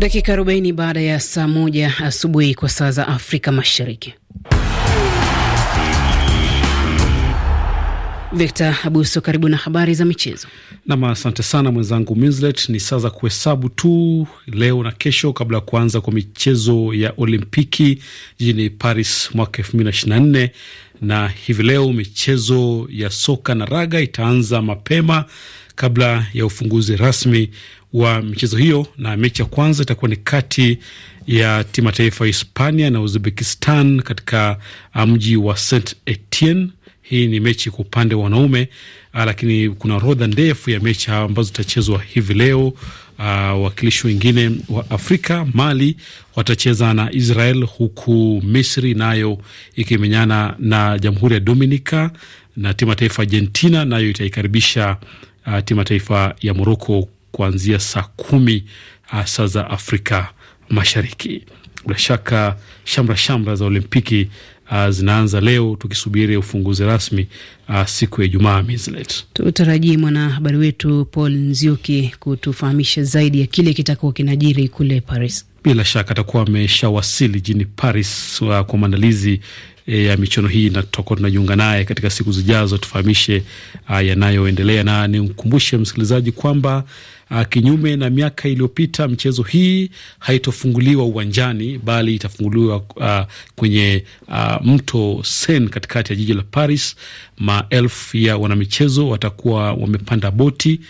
Dakika 40 baada ya saa moja asubuhi kwa saa za Afrika Mashariki. Victor Abuso, karibu na habari za michezo. Nam, asante sana mwenzangu Minslet. Ni saa za kuhesabu tu leo na kesho kabla ya kuanza kwa michezo ya Olimpiki jijini Paris mwaka elfu mbili na ishirini na nne na hivi leo michezo ya soka na raga itaanza mapema kabla ya ufunguzi rasmi wa michezo hiyo, na mechi ya kwanza itakuwa ni kati ya timu taifa ya Hispania na Uzbekistan katika uh, mji wa Saint Etienne. Hii ni mechi kwa upande wa wanaume, uh, lakini kuna orodha ndefu ya mechi ambazo zitachezwa hivi leo. Wawakilishi uh, wengine wa Afrika, Mali watacheza na Israel, huku Misri nayo ikimenyana na Jamhuri ya Dominica, na timu ya taifa Argentina nayo itaikaribisha timu ya taifa ya Moroko kuanzia saa kumi ah, saa za Afrika Mashariki. Bila shaka shamra shamra za Olimpiki uh, zinaanza leo tukisubiri ufunguzi rasmi uh, siku ya Ijumaa. Tutarajii mwanahabari wetu Paul Nzioki kutufahamisha zaidi ya kile kitakuwa kinajiri kule Paris. Bila shaka atakuwa ameshawasili jini Paris uh, kwa maandalizi e, ya michuano hii, na tutakuwa tunajiunga naye katika siku zijazo tufahamishe yanayoendelea, na nimkumbushe msikilizaji kwamba kinyume na miaka iliyopita mchezo hii haitofunguliwa uwanjani, bali itafunguliwa uh, kwenye uh, mto Sen katikati ya jiji la Paris. Maelfu ya wanamichezo watakuwa wamepanda boti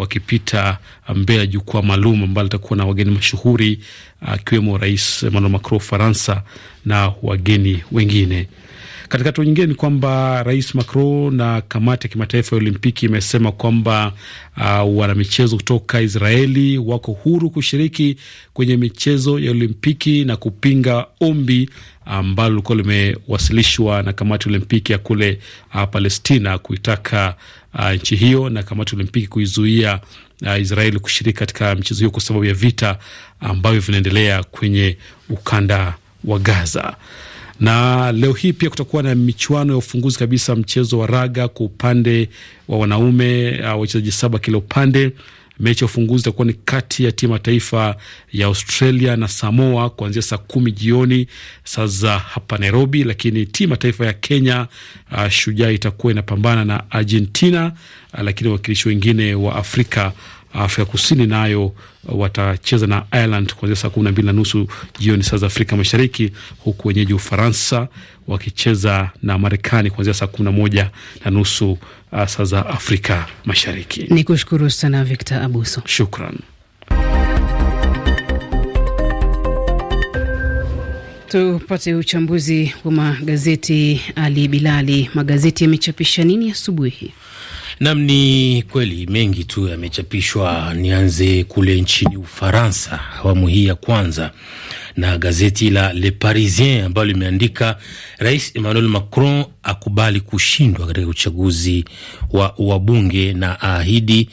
wakipita uh, mbele ya jukwaa maalum ambalo litakuwa na wageni mashuhuri uh, akiwemo Rais Emmanuel Macron Faransa na wageni wengine. Katika hatua nyingine ni kwamba Rais Macron na kamati ya kimataifa ya Olimpiki imesema kwamba uh, wanamichezo kutoka Israeli wako huru kushiriki kwenye michezo ya Olimpiki na kupinga ombi ambalo lilikuwa limewasilishwa na kamati ya Olimpiki ya kule uh, Palestina kuitaka uh, nchi hiyo na kamati Olimpiki kuizuia uh, Israeli kushiriki katika mchezo hiyo kwa sababu ya vita ambavyo vinaendelea kwenye ukanda wa Gaza. Na leo hii pia kutakuwa na michuano ya ufunguzi kabisa, mchezo wa raga kwa upande wa wanaume, uh, wachezaji saba kila upande Mechi ya ufunguzi itakuwa ni kati ya timu ya taifa ya Australia na Samoa kuanzia saa kumi jioni saa za hapa Nairobi, lakini timu ya taifa ya Kenya uh, Shujaa itakuwa inapambana na Argentina uh, lakini wawakilishi wengine wa Afrika Afrika Kusini nayo uh, watacheza na Ireland kuanzia saa kumi na mbili na nusu jioni saa za Afrika Mashariki, huku wenyeji Ufaransa wakicheza na Marekani kuanzia saa kumi na moja na nusu uh, saa za Afrika Mashariki. Ni kushukuru sana Victor Abuso, shukran. Tupate uchambuzi wa magazeti. Ali Bilali, magazeti yamechapisha nini asubuhi hii? Nam, ni kweli mengi tu yamechapishwa. Nianze kule nchini Ufaransa awamu hii ya kwanza na gazeti la Le Parisien ambalo limeandika Rais Emmanuel Macron akubali kushindwa katika uchaguzi wa wabunge na aahidi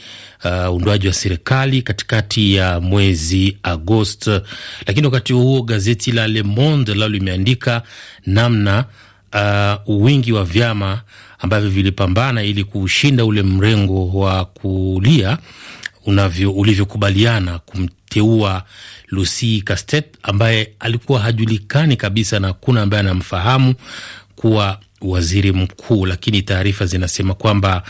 uundwaji uh, wa serikali katikati ya mwezi Agosti. Lakini wakati huo gazeti la Le Monde lao limeandika namna uh, wingi wa vyama ambavyo vilipambana ili kuushinda ule mrengo wa kulia unavyo ulivyokubaliana kumteua Lucy Castet ambaye alikuwa hajulikani kabisa na hakuna ambaye anamfahamu kuwa waziri mkuu, lakini taarifa zinasema kwamba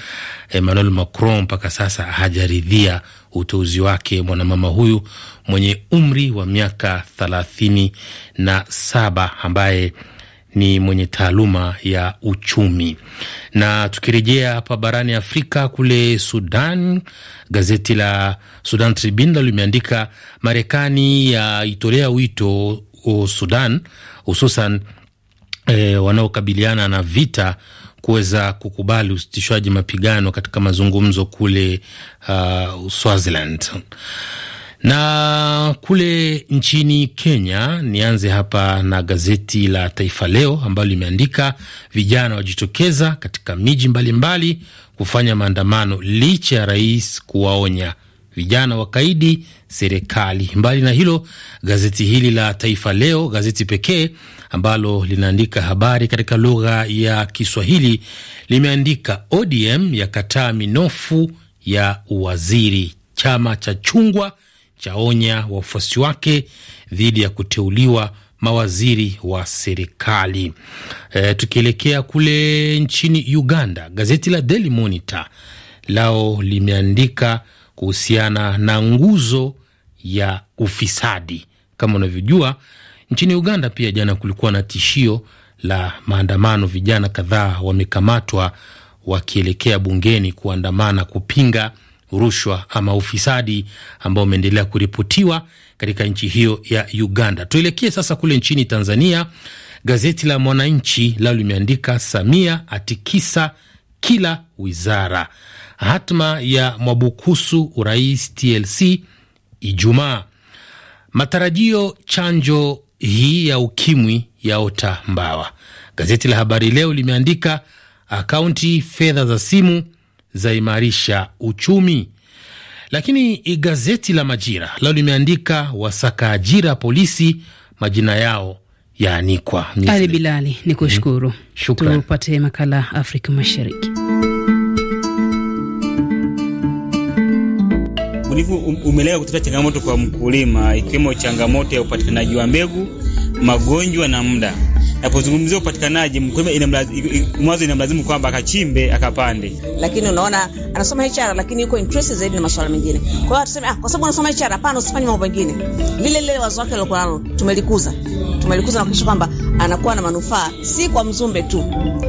Emmanuel Macron mpaka sasa hajaridhia uteuzi wake mwanamama huyu mwenye umri wa miaka thelathini na saba ambaye ni mwenye taaluma ya uchumi. Na tukirejea hapa barani Afrika, kule Sudan, gazeti la Sudan Tribune limeandika Marekani yaitolea wito Sudan hususan e, wanaokabiliana na vita kuweza kukubali usitishwaji mapigano katika mazungumzo kule uh, Swaziland. Na kule nchini Kenya, nianze hapa na gazeti la Taifa Leo ambalo limeandika vijana wajitokeza katika miji mbalimbali kufanya maandamano licha ya rais kuwaonya vijana wakaidi serikali. Mbali na hilo, gazeti hili la Taifa Leo, gazeti pekee ambalo linaandika habari katika lugha ya Kiswahili, limeandika ODM yakataa minofu ya uwaziri, chama cha chungwa chaonya wafuasi wake dhidi ya kuteuliwa mawaziri wa serikali. E, tukielekea kule nchini Uganda, gazeti la Daily Monitor lao limeandika kuhusiana na nguzo ya ufisadi. Kama unavyojua nchini Uganda pia jana kulikuwa na tishio la maandamano, vijana kadhaa wamekamatwa wakielekea bungeni kuandamana kupinga rushwa ama ufisadi ambao umeendelea kuripotiwa katika nchi hiyo ya Uganda. Tuelekee sasa kule nchini Tanzania. Gazeti la Mwananchi lao limeandika Samia atikisa kila wizara, hatma ya Mwabukusu urais TLC Ijumaa, matarajio chanjo hii ya ukimwi yaota mbawa. Gazeti la Habari Leo limeandika akaunti fedha za simu zaimarisha uchumi. Lakini gazeti la Majira lao limeandika wasaka ajira polisi, majina yao yaanikwa. Ali Bilali, ni mhm. kushukuru. hmm. Tupate makala Afrika Mashariki. Ubunifu umelenga kutata changamoto kwa mkulima, ikiwemo changamoto ya upatikanaji wa mbegu, magonjwa na muda Napozungumzia upatikanaji, mkulima mwanzo inamlazimu kwamba akachimbe akapande, lakini unaona anasoma HR, lakini yuko interest zaidi na masuala mengine. Kwa hiyo atuseme ah, kwa sababu anasoma HR, hapana, usifanye mambo mengine. Lile lile wazo wake alikuwa nalo tumelikuza, tumelikuza na kuhakikisha kwamba anakuwa na manufaa si kwa Mzumbe tu.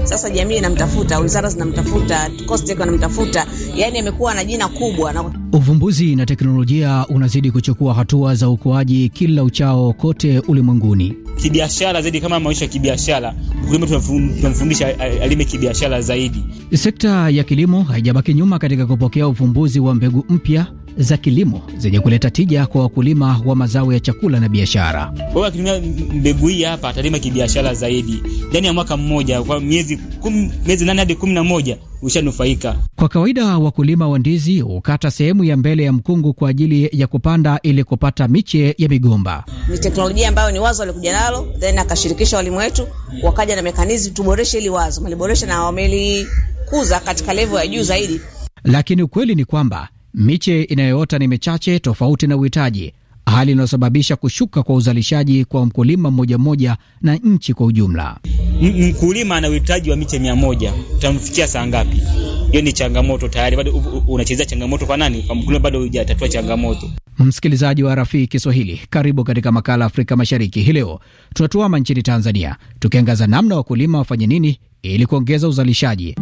Sasa jamii inamtafuta, wizara zinamtafuta, COSTECH wanamtafuta, yani amekuwa na jina kubwa na... Uvumbuzi na teknolojia unazidi kuchukua hatua za ukuaji kila uchao kote ulimwenguni. Kibiashara zaidi kama maisha ya kibiashara, mkulima tunamfundisha eh, eh, alime kibiashara zaidi. Sekta ya kilimo haijabaki nyuma katika kupokea uvumbuzi wa mbegu mpya za kilimo zenye kuleta tija kwa wakulima wa mazao ya chakula na biashara. Kwa akitumia mbegu hii hapa atalima kibiashara zaidi ndani ya mwaka mmoja, kwa miezi kum, miezi nane hadi kumi na moja ushanufaika. Kwa kawaida wakulima wa ndizi hukata sehemu ya mbele ya mkungu kwa ajili ya kupanda ili kupata miche ya migomba. Ni teknolojia ambayo ni wazo walikuja nalo then akashirikisha walimu wetu, wakaja na mekanizmu, tuboreshe ili wazo, maliboresha na wamelikuza katika levo ya juu zaidi. Lakini ukweli ni kwamba Miche inayoota ni michache tofauti na uhitaji, hali inayosababisha kushuka kwa uzalishaji kwa mkulima mmoja mmoja na nchi kwa ujumla. M mkulima ana uhitaji wa miche mia moja, utamfikia saa ngapi? Hiyo ni changamoto tayari, bado unachezea changamoto kwa nani? Kwa mkulima, bado hujatatua changamoto. Msikilizaji wa Rafii Kiswahili, karibu katika makala Afrika Mashariki. Hii leo tunatuama nchini Tanzania, tukiangaza namna wakulima wafanye nini ili kuongeza uzalishaji.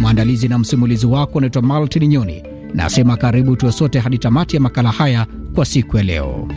Mwandalizi na msimulizi wako unaitwa Maltin Nyoni. Nasema karibu tuwe sote hadi tamati ya makala haya kwa siku ya leo.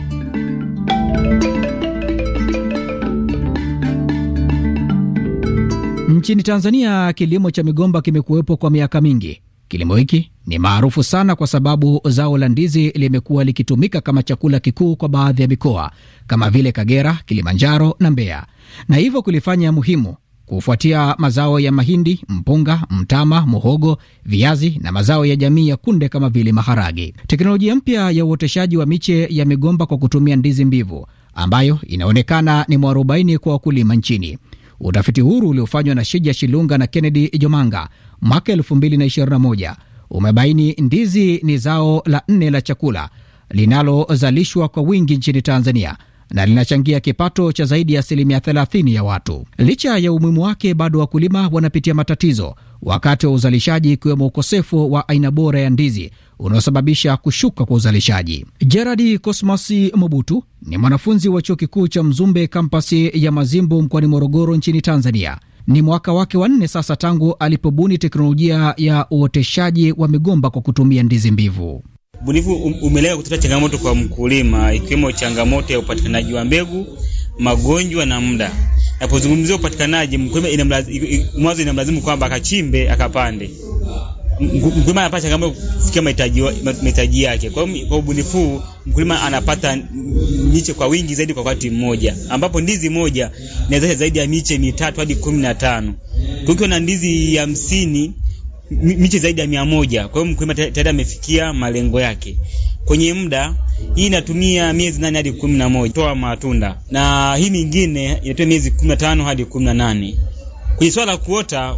Nchini Tanzania, kilimo cha migomba kimekuwepo kwa miaka mingi. Kilimo hiki ni maarufu sana kwa sababu zao la ndizi limekuwa likitumika kama chakula kikuu kwa baadhi ya mikoa kama vile Kagera, Kilimanjaro na Mbeya, na hivyo kulifanya muhimu kufuatia mazao ya mahindi, mpunga, mtama, muhogo, viazi na mazao ya jamii ya kunde kama vile maharage. Teknolojia mpya ya uoteshaji wa miche ya migomba kwa kutumia ndizi mbivu ambayo inaonekana ni mwarobaini kwa wakulima nchini. Utafiti huru uliofanywa na Shija Shilunga na Kennedy Jomanga mwaka 2021 umebaini ndizi ni zao la nne la chakula linalozalishwa kwa wingi nchini Tanzania na linachangia kipato cha zaidi ya asilimia 30 ya watu. Licha ya umuhimu wake, bado wakulima wanapitia matatizo wakati wa uzalishaji, ikiwemo ukosefu wa aina bora ya ndizi unaosababisha kushuka kwa uzalishaji. Gerard Cosmas Mobutu ni mwanafunzi wa chuo kikuu cha Mzumbe kampasi ya Mazimbu mkoani Morogoro nchini Tanzania. Ni mwaka wake wa nne sasa tangu alipobuni teknolojia ya uoteshaji wa migomba kwa kutumia ndizi mbivu. Bunifu um, umelenga kutatua changamoto kwa mkulima ikiwemo changamoto ya upatikanaji wa mbegu, magonjwa na muda. Napozungumzia upatikanaji, mkulima mwanzo inamlazimu kwamba akachimbe, akapande. Mkulima anapata changamoto kufikia mahitaji yake. Kwa hiyo, kwa ubunifu mkulima anapata miche kwa wingi zaidi kwa wakati mmoja, ambapo ndizi moja inaweza zaidi ya miche mitatu hadi kumi na tano. Ukiwa na ndizi hamsini miche zaidi ya mia moja. Kwa hiyo mkulima tayari amefikia malengo yake kwenye muda. Hii inatumia miezi nane hadi kumi na moja toa matunda, na hii mingine inatumia miezi kumi na tano hadi kumi na nane kwenye swala la kuota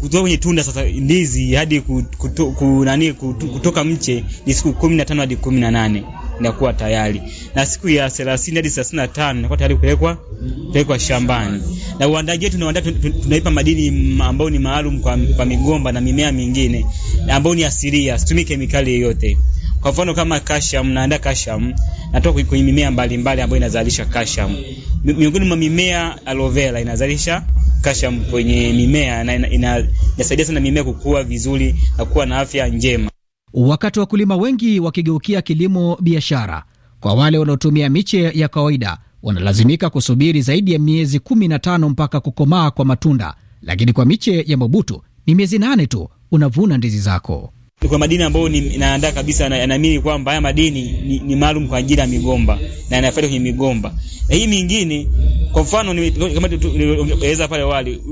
kutoka kwenye tunda sasa ndizi hadi kuto, kunani, kuto, kutoka mche ni siku kumi na tano hadi kumi na nane inakuwa tayari, na siku ya thelathini hadi thelathini na tano inakuwa tayari kupelekwa kupelekwa shambani. Na uandaji wetu tunaandaa, tunaipa madini ambayo ni maalum kwa, kwa migomba na mimea mingine ambayo ni asilia, situmii kemikali yoyote. Kwa mfano kama kashamu, naandaa kashamu natoka kwenye mimea mbalimbali ambayo inazalisha kashamu. Miongoni mwa mimea aloe vera inazalisha kashamu kwenye mimea na inasaidia sana mimea kukua vizuri na kuwa na afya njema. Wakati wakulima wengi wakigeukia kilimo biashara, kwa wale wanaotumia miche ya kawaida wanalazimika kusubiri zaidi ya miezi 15 mpaka kukomaa kwa matunda, lakini kwa miche ya Mobutu ni miezi nane tu unavuna ndizi zako. Kuna madini ambayo naandaa kabisa, naamini kwamba haya madini ni, ni maalum kwa ajili ya migomba na yanafaa kwenye migomba na hii mingine. Kwa mfano kama nilieleza pale wali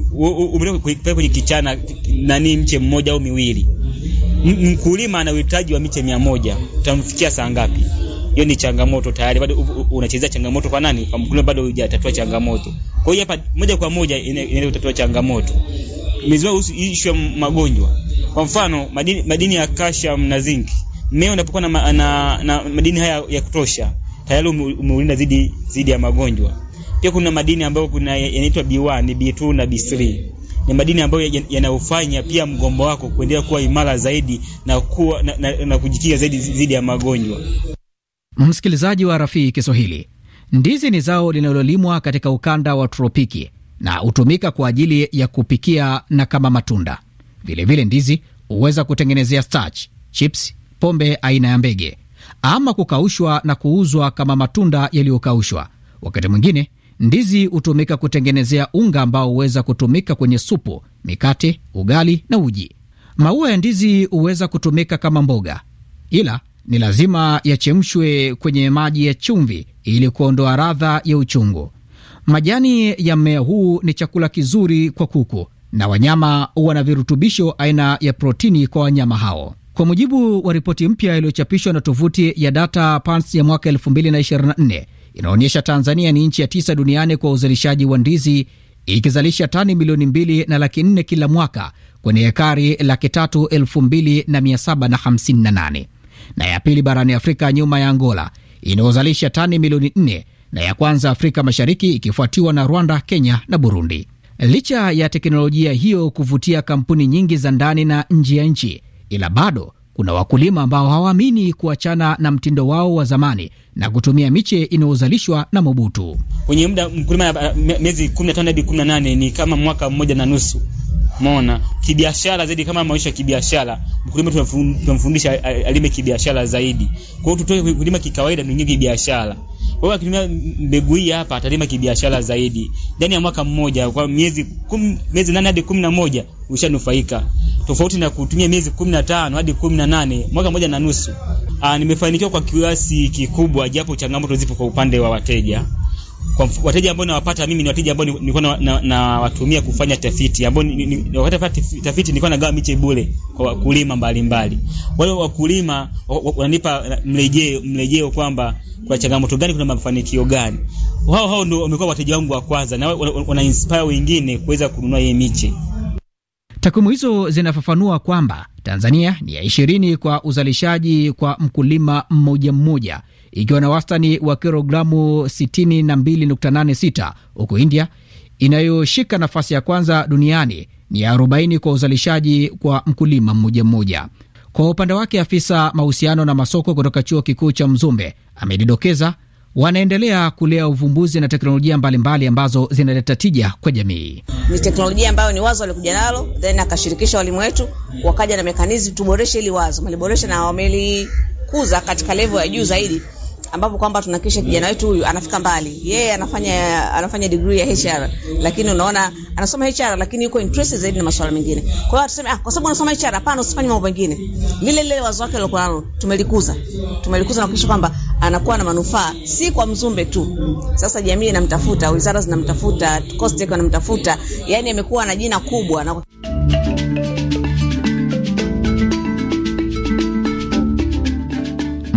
umeleka kwenye kichana nani mche mmoja au miwili, mkulima ana uhitaji wa miche mia moja, utamfikia saa ngapi? hiyo ni changamoto tayari, bado unachezea changamoto kwa nani? Kwa mkulima, bado hujatatua changamoto. Kwa hiyo hapa moja kwa moja inaenda kutatua changamoto mizima husu ishu ya magonjwa. Kwa mfano madini, madini ya calcium na zinc, mmea unapokuwa na, na, na madini haya ya kutosha tayari umeulinda dhidi dhidi ya magonjwa. Pia kuna madini ambayo kuna yanaitwa B1, B2 na B3 ni madini ambayo yanayofanya pia mgombo wako kuendelea kuwa imara zaidi na, kuwa, na, na, na kujikinga zaidi dhidi ya magonjwa. Msikilizaji wa Rafii Kiswahili, ndizi ni zao linalolimwa katika ukanda wa tropiki na hutumika kwa ajili ya kupikia na kama matunda. Vilevile vile ndizi huweza kutengenezea starch, chips, pombe aina ya mbege, ama kukaushwa na kuuzwa kama matunda yaliyokaushwa. Wakati mwingine ndizi hutumika kutengenezea unga ambao huweza kutumika kwenye supu, mikate, ugali na uji. Maua ya ndizi huweza kutumika kama mboga, ila ni lazima yachemshwe kwenye maji ya chumvi ili kuondoa radha ya uchungu. Majani ya mmea huu ni chakula kizuri kwa kuku na wanyama na virutubisho aina ya protini kwa wanyama hao. Kwa mujibu wa ripoti mpya iliyochapishwa na tovuti ya Data Pans ya mwaka 2024 inaonyesha Tanzania ni nchi ya tisa duniani kwa uzalishaji wa ndizi ikizalisha tani milioni mbili na laki nne kila mwaka kwenye hekari laki tatu elfu mbili na mia saba na hamsini na nane na ya pili barani Afrika nyuma ya Angola inayozalisha tani milioni 4 na ya kwanza Afrika Mashariki ikifuatiwa na Rwanda, Kenya na Burundi. Licha ya teknolojia hiyo kuvutia kampuni nyingi za ndani na nje ya nchi, ila bado kuna wakulima ambao hawaamini kuachana na mtindo wao wa zamani na kutumia miche inayozalishwa na Mobutu. Kwenye muda mkulima, miezi 15 hadi 18 ni kama mwaka mmoja na nusu Mona Kibiashara zaidi kama maisha ya kibiashara. Mkulima tunamfundisha alime kibiashara zaidi. Kwa hiyo tutoke kulima kikawaida tuingie kibiashara. Kwa hiyo akitumia mbegu hii hapa atalima kibiashara zaidi. Ndani ya mwaka mmoja kwa miezi kum, miezi nane hadi kumi na moja ushanufaika. Tofauti na kutumia miezi kumi na tano hadi kumi na nane mwaka mmoja na nusu. Ah, nimefanikiwa kwa kiasi kikubwa japo changamoto zipo kwa upande wa wateja kwa wateja ambao nawapata mimi ni wateja ambao nilikuwa nawatumia na, na kufanya tafiti ambao nilikuwa nafanya tafiti nilikuwa nagawa miche bure kwa wakulima mbalimbali. Wale wakulima wananipa mrejeo mrejeo kwamba kwa changamoto gani kuna mafanikio gani. Hao hao ndio wamekuwa wateja wangu wa kwanza na wana inspire wengine kuweza kununua hii miche. Takwimu hizo zinafafanua kwamba Tanzania ni ya ishirini kwa uzalishaji kwa mkulima mmoja mmoja ikiwa na wastani wa kilogramu 62.86 huku India inayoshika nafasi ya kwanza duniani ni ya 40 kwa uzalishaji kwa mkulima mmoja mmoja. Kwa upande wake, afisa mahusiano na masoko kutoka chuo kikuu cha Mzumbe amedidokeza wanaendelea kulea uvumbuzi na teknolojia mbalimbali mbali ambazo zinaleta tija kwa jamii. Ni teknolojia ambayo ni wazo walikuja nalo then akashirikisha walimu wetu, wakaja na mekanizmu tuboreshe hili wazo, waliboresha na wamelikuza katika levo ya juu zaidi ambapo kwamba tunahakikisha kijana wetu huyu anafika mbali. Yeye yeah, anafanya anafanya degree ya HR, lakini unaona anasoma HR lakini yuko interested zaidi na masuala mengine. Kwa hiyo atuseme ah, kwa sababu unasoma HR, hapana, usifanye mambo mengine. Lile lile wazo wake lilokuwa nalo tumelikuza, tumelikuza na kuhakikisha kwamba anakuwa na manufaa si kwa Mzumbe tu. Sasa jamii inamtafuta, wizara zinamtafuta, COSTECH wanamtafuta, yani amekuwa na jina kubwa na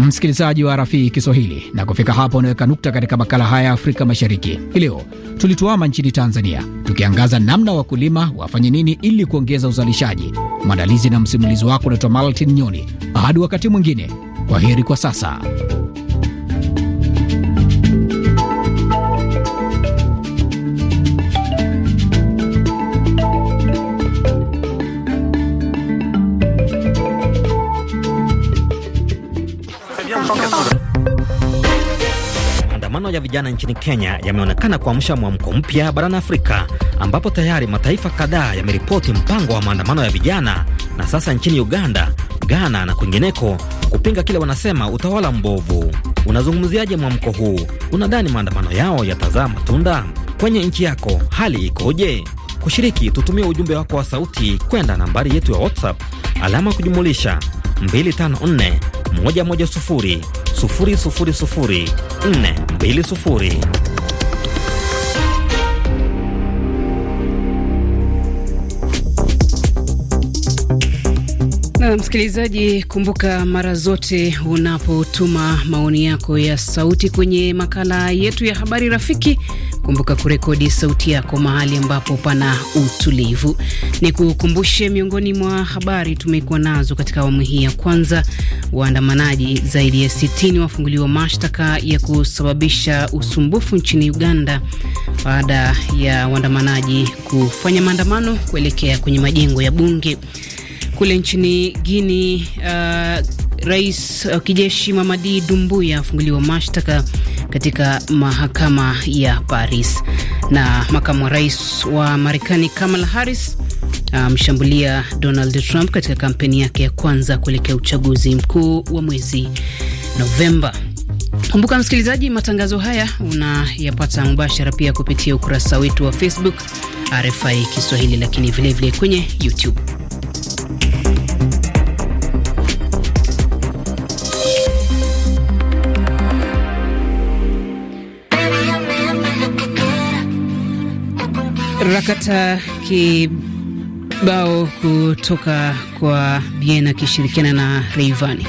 msikilizaji wa Rafii Kiswahili, na kufika hapo unaweka nukta katika makala haya ya Afrika Mashariki. Hii leo tulituama nchini Tanzania tukiangaza namna wakulima wafanye nini ili kuongeza uzalishaji. Mwandalizi na msimulizi wako unaitwa Maltin Nyoni. Hadi wakati mwingine, kwa heri kwa sasa. ya vijana nchini Kenya yameonekana kuamsha mwamko mpya barani Afrika, ambapo tayari mataifa kadhaa yameripoti mpango wa maandamano ya vijana, na sasa nchini Uganda, Ghana na kwingineko kupinga kile wanasema utawala mbovu. Unazungumziaje mwamko huu? Unadhani maandamano yao yatazaa matunda? Kwenye nchi yako hali ikoje? Kushiriki, tutumie ujumbe wako wa sauti kwenda nambari yetu ya WhatsApp alama kujumulisha 254 110 000 na msikilizaji, kumbuka mara zote unapotuma maoni yako ya sauti kwenye makala yetu ya habari rafiki, Kumbuka kurekodi sauti yako mahali ambapo pana utulivu. Ni kukumbushe miongoni mwa habari tumekuwa nazo katika awamu hii ya kwanza: waandamanaji zaidi ya 60 wafunguliwa mashtaka ya kusababisha usumbufu nchini Uganda baada ya waandamanaji kufanya maandamano kuelekea kwenye majengo ya bunge kule nchini Guinea. Uh, Rais wa kijeshi Mamadi Dumbuya afunguliwa mashtaka katika mahakama ya Paris, na makamu wa rais wa Marekani Kamala Harris amshambulia um, Donald Trump katika kampeni yake ya kwanza kuelekea uchaguzi mkuu wa mwezi Novemba. Kumbuka msikilizaji, matangazo haya unayapata mubashara pia kupitia ukurasa wetu wa Facebook RFI Kiswahili, lakini vilevile vile kwenye YouTube. Rakata kibao kutoka kwa Bien akishirikiana na reivani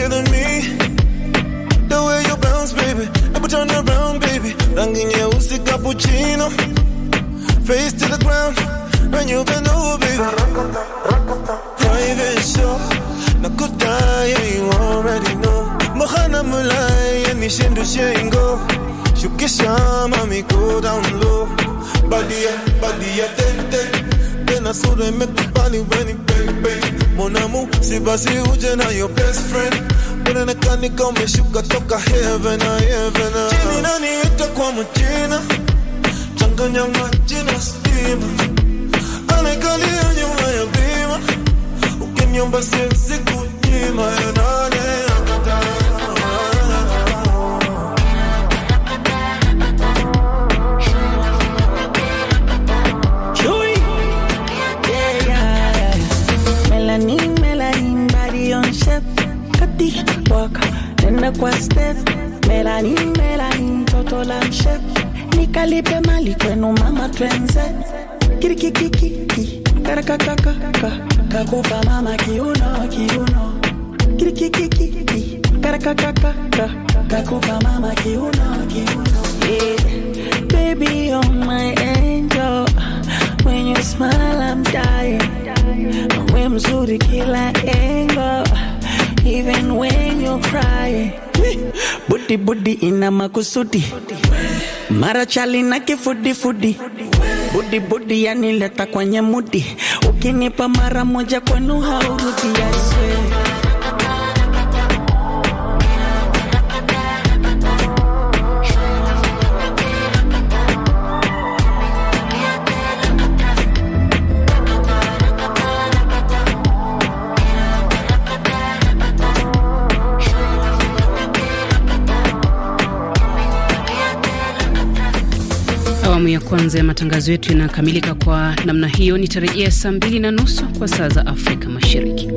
killing me. The way you bounce, baby. Every turn around, baby. your usi cappuccino. Face to the ground. When you bend over, baby. Private show. Nakudaya, you already know. Mohana mulai, and Nishindu Shengo. Shukisha, mami, go down low. Body, body, ten, ten. Then I saw them make the body when it bang, Mon amour, c'est passé où, Jen, your best friend. Nakani kameshuka toka heaven na oh, heaven na oh. Chini nani ita kwa mchina Changanya maji na stima Anakalia nyuma ya bima Ukiniomba siwezi kunyima ya nani nenda kwa step Melani, Melani mtoto la mshep nikalipe mali kwenu mama twenze kirikikiki karakakakaka kakupa mama kiuno kiuno kirikikiki karakakakaka kakupa mama kiuno kiuno yeah. baby you're my angel when you smile I'm dying we mzuri kila angle even when you cry. Budi budi ina makusudi, mara chali na kifudi fudi, budi budi yanileta kwenye mudi, ukinipa mara moja kwenu haurudi, I swear Awamu ya kwanza ya matangazo yetu inakamilika kwa namna hiyo. Nitarejea saa mbili na nusu kwa saa za Afrika Mashariki.